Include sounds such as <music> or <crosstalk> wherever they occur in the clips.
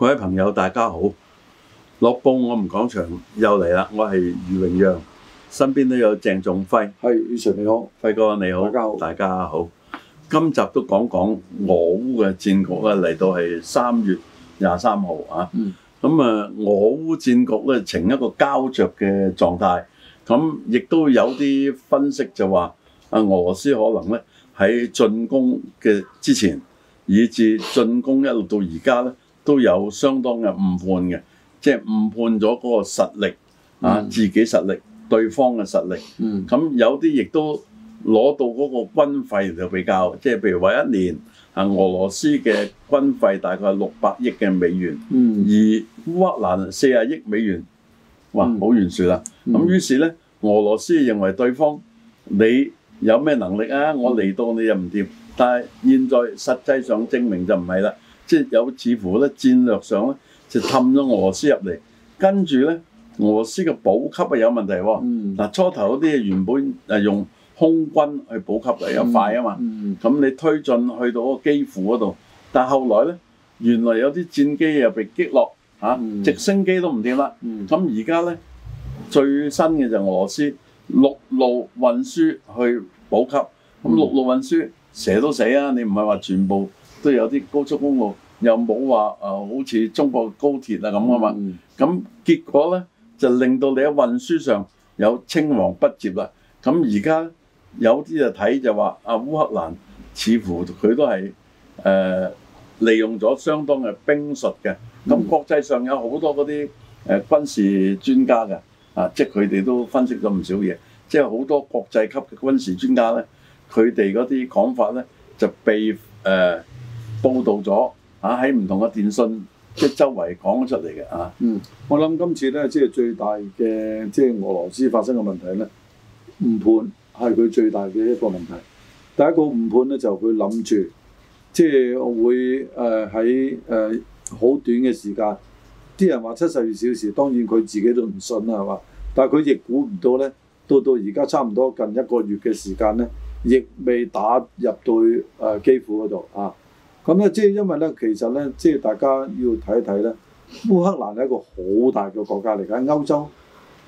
各位朋友，大家好！樂報我們講場，又嚟啦。我係余榮陽，身邊都有鄭仲輝。係宇常你好，輝哥你好，大家好，大家好，今集都講講俄烏嘅戰局啊，嚟到係三月廿三號啊。咁、嗯、啊，俄烏戰局咧呈一個膠着嘅狀態，咁亦都有啲分析就話啊，俄羅斯可能咧喺進攻嘅之前，以至進攻一路到而家咧。都有相當嘅誤判嘅，即係誤判咗嗰個實力、嗯、啊，自己實力、對方嘅實力。咁、嗯、有啲亦都攞到嗰個軍費就比較，即係譬如話一年啊，俄羅斯嘅軍費大概六百億嘅美元，嗯、而烏克蘭四廿億美元，哇，好懸殊啦。咁於、嗯、是呢，俄羅斯認為對方你有咩能力啊？我嚟到你又唔掂，但係現在實際上證明就唔係啦。即係有似乎咧戰略上咧就氹咗俄羅斯入嚟，跟住咧俄羅斯嘅補給啊有問題喎、啊。嗱、嗯啊、初頭嗰啲原本係用空軍去補給嚟又快啊嘛，咁、嗯嗯、你推進去到個基輔嗰度，但係後來咧原來有啲戰機又被擊落嚇，啊嗯、直升機都唔掂啦。咁而家咧最新嘅就俄羅斯陸路運輸去補給，咁陸路運輸成日都死啊，你唔係話全部。都有啲高速公路又冇話誒，好似中國高鐵啊咁啊嘛。咁、嗯、結果呢，就令到你喺運輸上有青黃不接啦。咁而家有啲就睇就話啊，烏克蘭似乎佢都係誒、呃、利用咗相當嘅兵術嘅。咁國際上有好多嗰啲誒軍事專家嘅啊，即係佢哋都分析咗唔少嘢。即係好多國際級嘅軍事專家呢，佢哋嗰啲講法呢，就被誒、呃報道咗嚇喺唔同嘅電訊，即係周圍講咗出嚟嘅嚇。嗯，我諗今次咧，即係最大嘅，即係俄羅斯發生嘅問題咧，誤判係佢最大嘅一個問題。第一個誤判咧，就佢諗住，即係會誒喺誒好短嘅時間，啲人話七十二小時，當然佢自己都唔信啦，係嘛？但係佢亦估唔到咧，到到而家差唔多近一個月嘅時間咧，亦未打入到誒、呃、基輔嗰度啊。咁咧，即係因為咧，其實咧，即係大家要睇一睇咧，烏克蘭係一個好大嘅國家嚟嘅，歐洲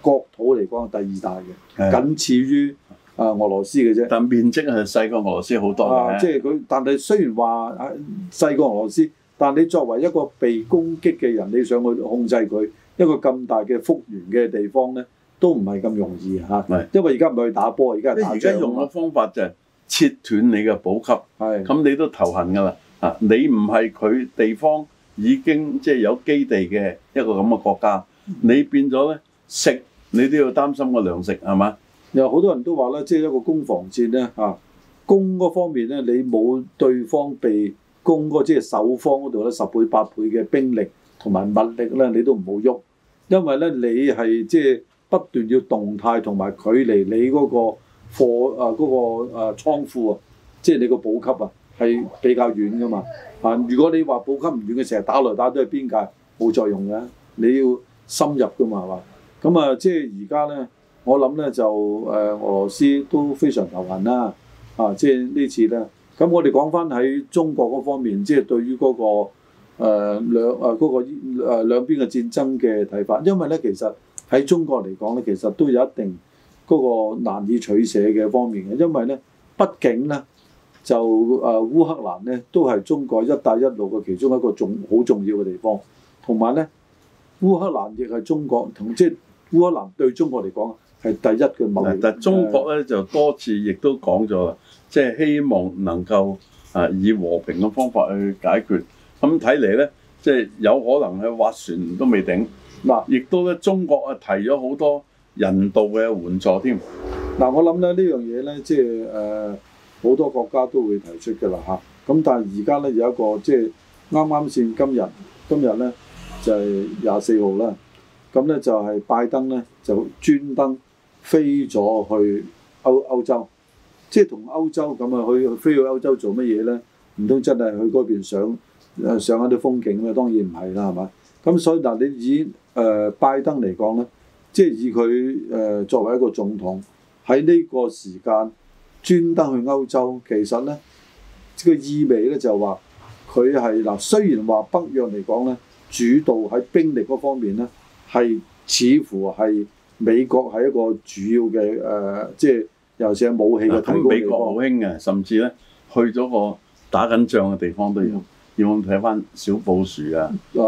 國土嚟講係第二大嘅，的僅次於啊俄羅斯嘅啫。但面積係細過俄羅斯好多，即係佢，但係、啊、雖然話啊細過俄羅斯，但你作為一個被攻擊嘅人，你想去控制佢一個咁大嘅復原嘅地方咧，都唔係咁容易嚇。的因為而家唔係去打波，而家而家用嘅方法就係切斷你嘅補給，咁的你都頭痕㗎啦。啊！你唔係佢地方已經即係有基地嘅一個咁嘅國家，你變咗咧食你都要擔心個糧食係嘛？有好多人都話咧，即係一個攻防戰咧嚇，攻嗰方面咧，你冇對方被攻嗰即係守方嗰度咧十倍八倍嘅兵力同埋物力咧，你都唔好喐，因為咧你係即係不斷要動態同埋距離你嗰個貨啊嗰個啊倉庫啊，即係你個補給啊。係比較遠噶嘛，啊！如果你話補給唔遠嘅，成日打來打都係邊界，冇作用嘅。你要深入噶嘛，係嘛？咁啊，即係而家咧，我諗咧就誒、呃、俄羅斯都非常頭痕啦，啊！即係呢次咧，咁、嗯、我哋講翻喺中國嗰方面，即係對於嗰、那個誒兩誒嗰個誒兩邊嘅戰爭嘅睇法，因為咧其實喺中國嚟講咧，其實都有一定嗰個難以取捨嘅方面嘅，因為咧畢竟咧。就誒、呃，烏克蘭咧都係中國一帶一路嘅其中一個重好重要嘅地方，同埋咧，烏克蘭亦係中國同即係烏克蘭對中國嚟講係第一嘅問題。但係中國咧、呃、就多次亦都講咗喇，即、就、係、是、希望能夠誒、呃、以和平嘅方法去解決。咁睇嚟咧，即、就、係、是、有可能係劃船都未頂嗱，亦、呃、都咧中國啊提咗好多人道嘅援助添嗱、呃。我諗咧呢樣嘢咧即係誒。呃啊好多國家都會提出嘅啦吓，咁、啊、但係而家咧有一個即係啱啱先今日，今呢、就是、日咧就係廿四號啦。咁咧就係拜登咧就專登飛咗去歐歐洲，即係同歐洲咁啊去去飛去歐洲做乜嘢咧？唔通真係去嗰邊上誒上一啲風景咧？當然唔係啦，係嘛？咁所以嗱，你以誒、呃、拜登嚟講咧，即、就、係、是、以佢誒、呃、作為一個總統喺呢個時間。專登去歐洲，其實咧，這個意味咧就係話佢係嗱，雖然話北約嚟講咧，主導喺兵力嗰方面咧，係似乎係美國係一個主要嘅誒，即、呃、係尤其係武器嘅提供、啊、美國好興嘅，甚至咧去咗個打緊仗嘅地方都有、嗯、要，要我睇返小布殊啊，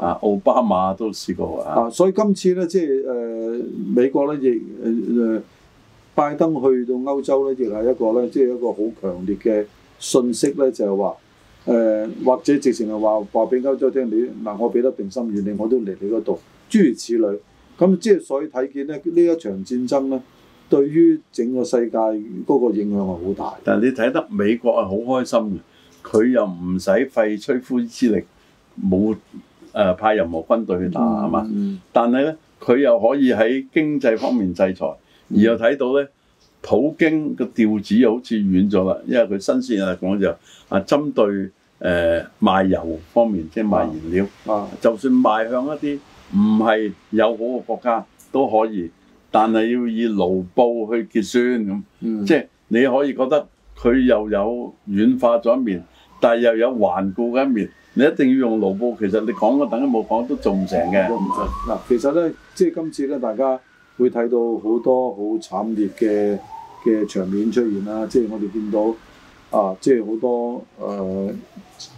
啊奧、啊、巴馬、啊、都試過啊，啊，所以今次咧即係誒美國咧亦誒。呃呃呃呃呃呃拜登去到歐洲咧，亦係一個咧，即係一個好強烈嘅信息咧，就係話誒，或者直情係話話俾歐洲聽，你嗱、啊，我俾得定心丸你，我都嚟你嗰度，諸如此類。咁即係所以睇見咧，呢一場戰爭咧，對於整個世界嗰個影響係好大。但係你睇得美國係好開心嘅，佢又唔使費吹灰之力，冇誒、呃、派任何軍隊去打係嘛、嗯。但係咧，佢又可以喺經濟方面制裁。而又睇到咧，普京個調子又好似軟咗啦，因為佢新鮮人嚟講就啊，針對誒賣油方面，即係賣燃料，啊，就算賣向一啲唔係友好嘅國家都可以，但係要以盧布去結算咁，即係你可以覺得佢又有軟化咗一面，但係又有頑固一面，你一定要用盧布，其實你講個等於冇講都做唔成嘅。嗱，其實咧，即係今次咧，大家。會睇到好多好慘烈嘅嘅場面出現啦，即係我哋見到啊，即係好多誒、呃、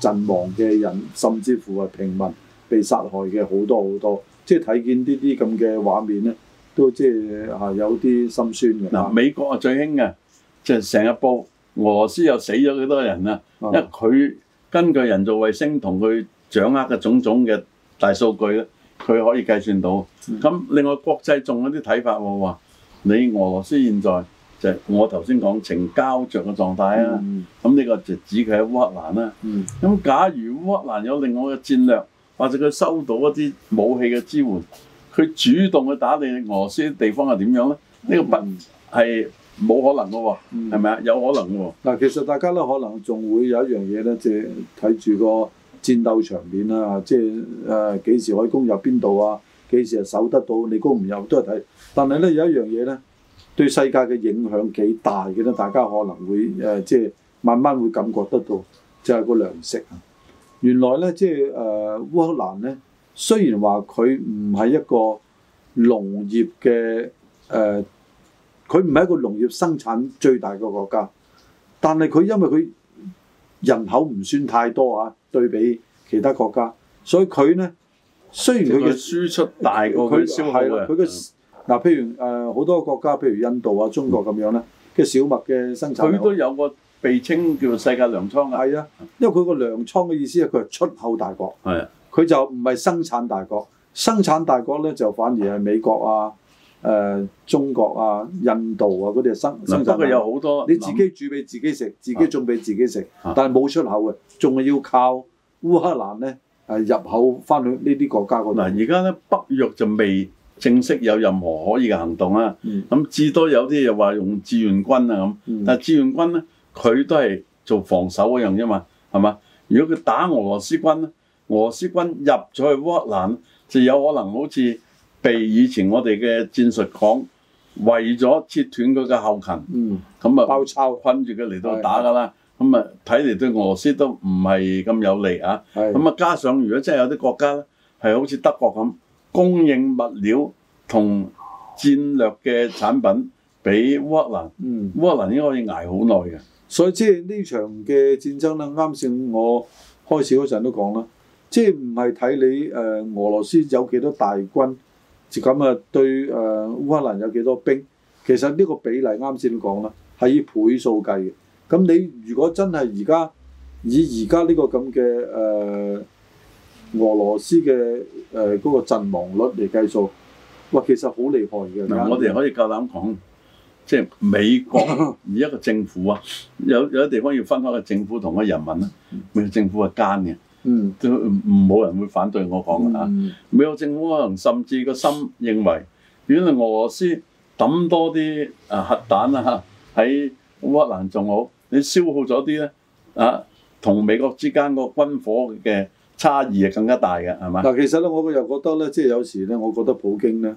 陣亡嘅人，甚至乎係平民被殺害嘅好多好多，即係睇見呢啲咁嘅畫面咧，都即係啊有啲心酸嘅。嗱，美國啊最興嘅，就成日播俄羅斯又死咗幾多人啊？因為佢根據人造衛星同佢掌握嘅種種嘅大數據咧。佢可以計算到，咁另外國際仲有啲睇法話，你俄羅斯現在就係、我頭先講呈膠着嘅狀態啊，咁呢、嗯、個就指佢喺烏克蘭啦。咁、嗯、假如烏克蘭有另外嘅戰略，或者佢收到一啲武器嘅支援，佢主動去打你俄羅斯地方係點樣呢？呢、嗯、個不係冇可能嘅喎，係咪啊？有可能嘅喎。嗱、嗯，嗯、其實大家都可能仲會有一樣嘢咧，就睇、係、住個。戰鬥場面啊，即係誒幾時可以攻入邊度啊？幾時係守得到？你攻唔入都係睇。但係咧有一樣嘢咧，對世界嘅影響幾大嘅咧，大家可能會誒、呃、即係慢慢會感覺得到，就係個糧食啊。原來咧即係誒、呃、烏克蘭咧，雖然話佢唔係一個農業嘅誒，佢唔係一個農業生產最大嘅國家，但係佢因為佢人口唔算太多啊，對比其他國家，所以佢呢，雖然佢嘅輸出大過佢係啦，佢個嗱譬如誒好、呃、多國家，譬如印度啊、中國咁樣呢，嘅、嗯、小麥嘅生產佢都有個被稱叫做世界糧倉嘅、啊，係啊，因為佢個糧倉嘅意思咧，佢係出口大國，佢的就唔係生產大國，生產大國呢，就反而係美國啊。誒、呃、中國啊、印度啊嗰啲生，得嘅、嗯、有好多。你自己煮俾自己食，啊、自己種俾自己食，啊、但係冇出口嘅，仲係要靠烏克蘭咧，係、啊、入口翻去呢啲國家嗰度。而家咧北約就未正式有任何可以嘅行動、嗯嗯、啊。咁至多有啲又話用志願軍啊咁，但係志願軍咧佢都係做防守嗰樣啫嘛，係嘛？如果佢打俄羅斯，斯軍，俄羅斯軍入咗去烏克蘭，就有可能好似～被以前我哋嘅戰術講，為咗切斷佢嘅後勤，咁啊包抄困住佢嚟到打㗎啦。咁啊睇嚟對俄羅斯都唔係咁有利啊。咁啊、嗯、加上如果真係有啲國家咧，係好似德國咁供應物料同戰略嘅產品俾烏克蘭，嗯、烏克蘭應該可以捱好耐嘅。所以即係呢場嘅戰爭咧，啱先我開始嗰陣都講啦，即係唔係睇你誒、呃、俄羅羅斯斯有幾多大軍。就咁啊，對誒烏克蘭有幾多兵？其實呢個比例啱先講啦，係以倍數計嘅。咁你如果真係而家以而家呢個咁嘅誒俄羅斯嘅誒嗰個陣亡率嚟計數，哇，其實好厲害嘅。嗱，我哋可以夠膽講，即係美國而一個政府啊， <laughs> 有有啲地方要分開個政府同個人民啦，唔係政府係奸嘅。嗯，都唔冇人會反對我講㗎吓。美國、嗯啊、政府可能甚至個心認為，如果俄羅斯抌多啲啊核彈啦吓喺烏克蘭仲好，你消耗咗啲咧啊，同美國之間個軍火嘅差異係更加大嘅，係嘛？嗱，其實咧，我又覺得咧，即係有時咧，我覺得普京咧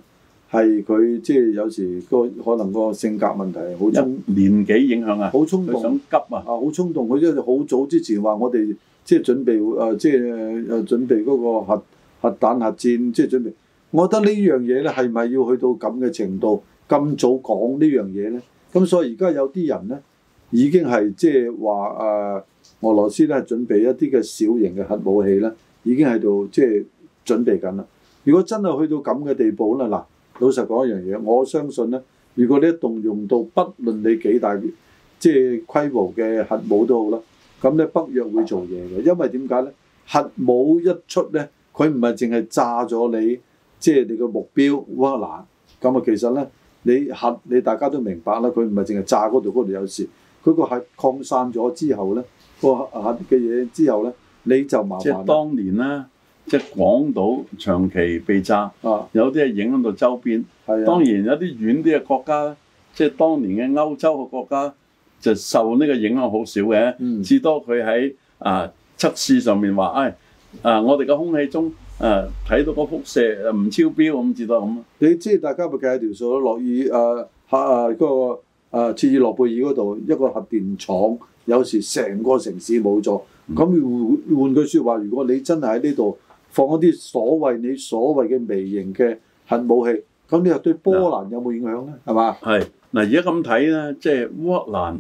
係佢即係有時、個可能個性格問題，好因年紀影響啊，好衝動想急啊，好、啊、衝動，佢因為好早之前話我哋。即係準備誒、呃，即係又準備嗰個核核彈核戰，即係準備。我覺得呢樣嘢咧，係咪要去到咁嘅程度？咁早講呢樣嘢咧？咁所以而家有啲人咧，已經係即係話誒，俄羅斯咧準備一啲嘅小型嘅核武器咧，已經喺度即係準備緊啦。如果真係去到咁嘅地步啦，嗱，老實講一樣嘢，我相信咧，如果你一動用到，不論你幾大即係規模嘅核武都好啦。咁咧北約會做嘢嘅，因為點解咧？核武一出咧，佢唔係淨係炸咗你，即係你個目標哇嗱。咁啊其實咧，你核你大家都明白啦，佢唔係淨係炸嗰度嗰度有事，佢個核擴散咗之後咧，個核嘅嘢之後咧，你就麻煩。即係當年咧，即係廣島長期被炸，啊、有啲係影響到周邊。啊、當然有啲遠啲嘅國家，即係當年嘅歐洲嘅國家。就受呢個影響好少嘅，至、嗯、多佢喺啊測試上面話，誒、哎、啊我哋嘅空氣中啊睇到個輻射唔超標咁，至得咁。你即係大家咪計下條數，落雨誒核誒個誒切、啊、爾諾貝爾嗰度一個核電廠，有時成個城市冇咗。咁、嗯、換句説話，如果你真係喺呢度放一啲所謂你所謂嘅微型嘅核武器，咁你又對波蘭有冇影響咧？係嘛、啊？係嗱吧，而家咁睇咧，即係波蘭。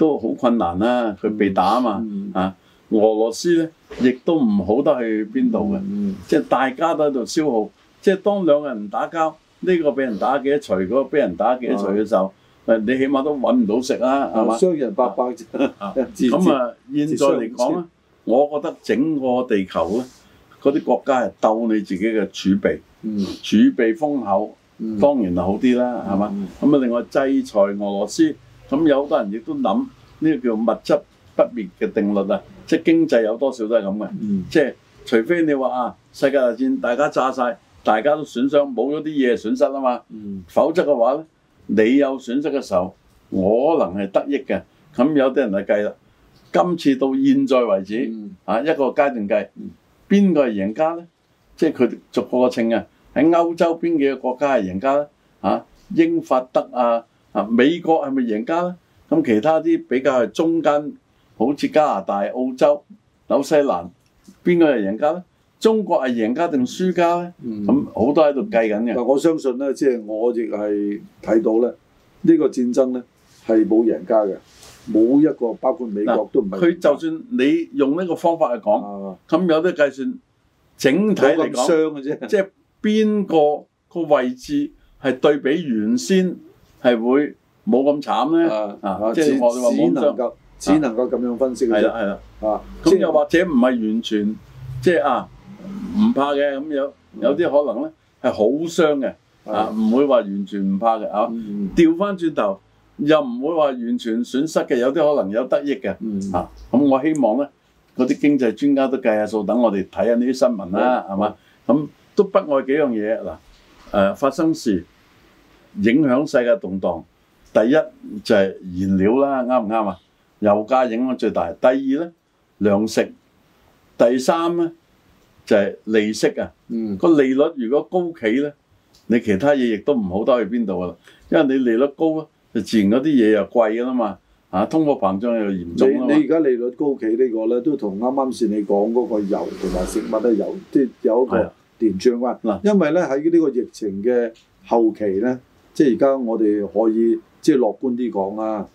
都好困難啦，佢被打啊嘛，啊，俄羅斯咧亦都唔好得去邊度嘅，即係大家都喺度消耗，即係當兩個人打交，呢個俾人打幾多錘，嗰個俾人打幾多錘嘅時候，你起碼都搵唔到食啦，係嘛？傷人八百，咁啊，現在嚟講咧，我覺得整個地球咧，嗰啲國家係鬥你自己嘅儲備，儲備豐厚，當然係好啲啦，係嘛？咁啊，另外制裁俄羅斯。咁有好多人亦都諗呢、這個叫物質不滅嘅定律啊，即係經濟有多少都係咁嘅，嗯、即係除非你話啊世界大戰大家炸晒，大家都損傷，冇咗啲嘢損失啊嘛，嗯、否則嘅話咧，你有損失嘅時候，我能係得益嘅。咁有啲人係計啦，今次到現在為止，嗯、啊一個階段計，邊、嗯、個係贏家咧？即係佢哋逐個稱啊，喺歐洲邊幾個國家係贏家咧？嚇、啊，英法德啊！啊！美國係咪贏家咧？咁其他啲比較係中間，好似加拿大、澳洲、紐西蘭，邊個係贏家咧？中國係贏家定輸家咧？咁好、嗯、多喺度計緊嘅。嗯、但我相信咧，即、就、係、是、我亦係睇到咧，呢、這個戰爭咧係冇贏家嘅，冇一個包括美國都唔係。佢就算你用呢個方法去講，咁、啊、有啲計算，整體嚟講，即係邊個個位置係對比原先？係會冇咁慘咧，啊，即係我哋話冇能夠只能夠咁樣分析嘅啫。係啦，係啦，啊，咁又或者唔係完全即係啊，唔怕嘅咁有有啲可能咧，係好傷嘅啊，唔會話完全唔怕嘅啊。調翻轉頭又唔會話完全損失嘅，有啲可能有得益嘅啊。咁我希望咧嗰啲經濟專家都計下數，等我哋睇下呢啲新聞啦，係嘛？咁都不外幾樣嘢嗱，誒發生事。影響世界動盪，第一就係燃料啦，啱唔啱啊？油價影響最大。第二咧，糧食。第三咧，就係利息啊。個利率如果高企咧，你其他嘢亦都唔好得去邊度啊！因為你利率高咧，就自然嗰啲嘢又貴噶啦嘛。嚇，通貨膨脹又嚴重啦嘛。你你而家利率高企呢個咧，都同啱啱先你講嗰個油同埋食物咧，有即係有一個連接關。嗱，因為咧喺呢個疫情嘅後期咧。即係而家我哋可以即係樂觀啲講啊，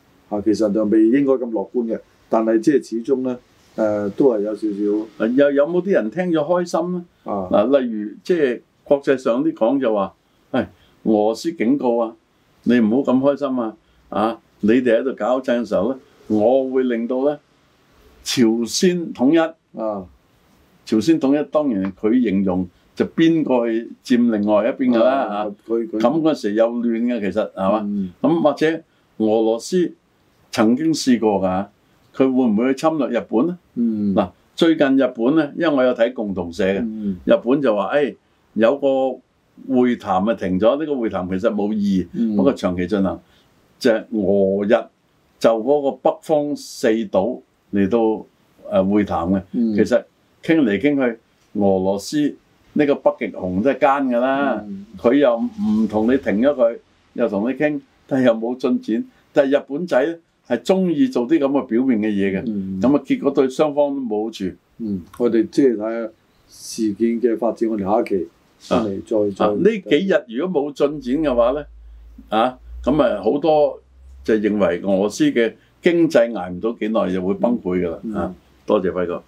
其實就未應該咁樂觀嘅。但係即係始終咧，誒、呃、都係有少少。又有冇啲人聽咗開心咧？嗱、啊啊，例如即係國際上啲講就話，係俄斯警告啊，你唔好咁開心啊，啊你哋喺度搞震嘅時候咧，我會令到咧朝鮮統一啊。朝鮮統一當然佢形容。就邊個去佔另外一邊㗎啦嚇？咁嗰時有亂㗎，其實係嘛？咁、嗯、或者俄羅斯曾經試過㗎，佢會唔會去侵略日本咧？嗱、嗯，最近日本咧，因為我有睇共同社嘅，嗯、日本就話：，誒、哎、有個會談咪停咗，呢、呢個會談其實冇意義，嗯、不過長期進行，就係、俄日就嗰個北方四島嚟到誒會談嘅，嗯、其實傾嚟傾去，俄羅斯，斯。呢個北極熊都係奸㗎啦，佢、嗯、又唔同你停咗佢，又同你傾，但係又冇進展。但係日本仔咧係中意做啲咁嘅表面嘅嘢嘅，咁啊、嗯、結果對雙方都冇好處。嗯，我哋即係睇下事件嘅發展，我哋下一期嚟、啊、再、再啊。啊，呢幾日如果冇進展嘅話咧，啊咁啊好多就認為俄羅斯嘅經濟捱唔到幾耐就會崩潰㗎啦。啊、嗯嗯嗯，多謝輝哥。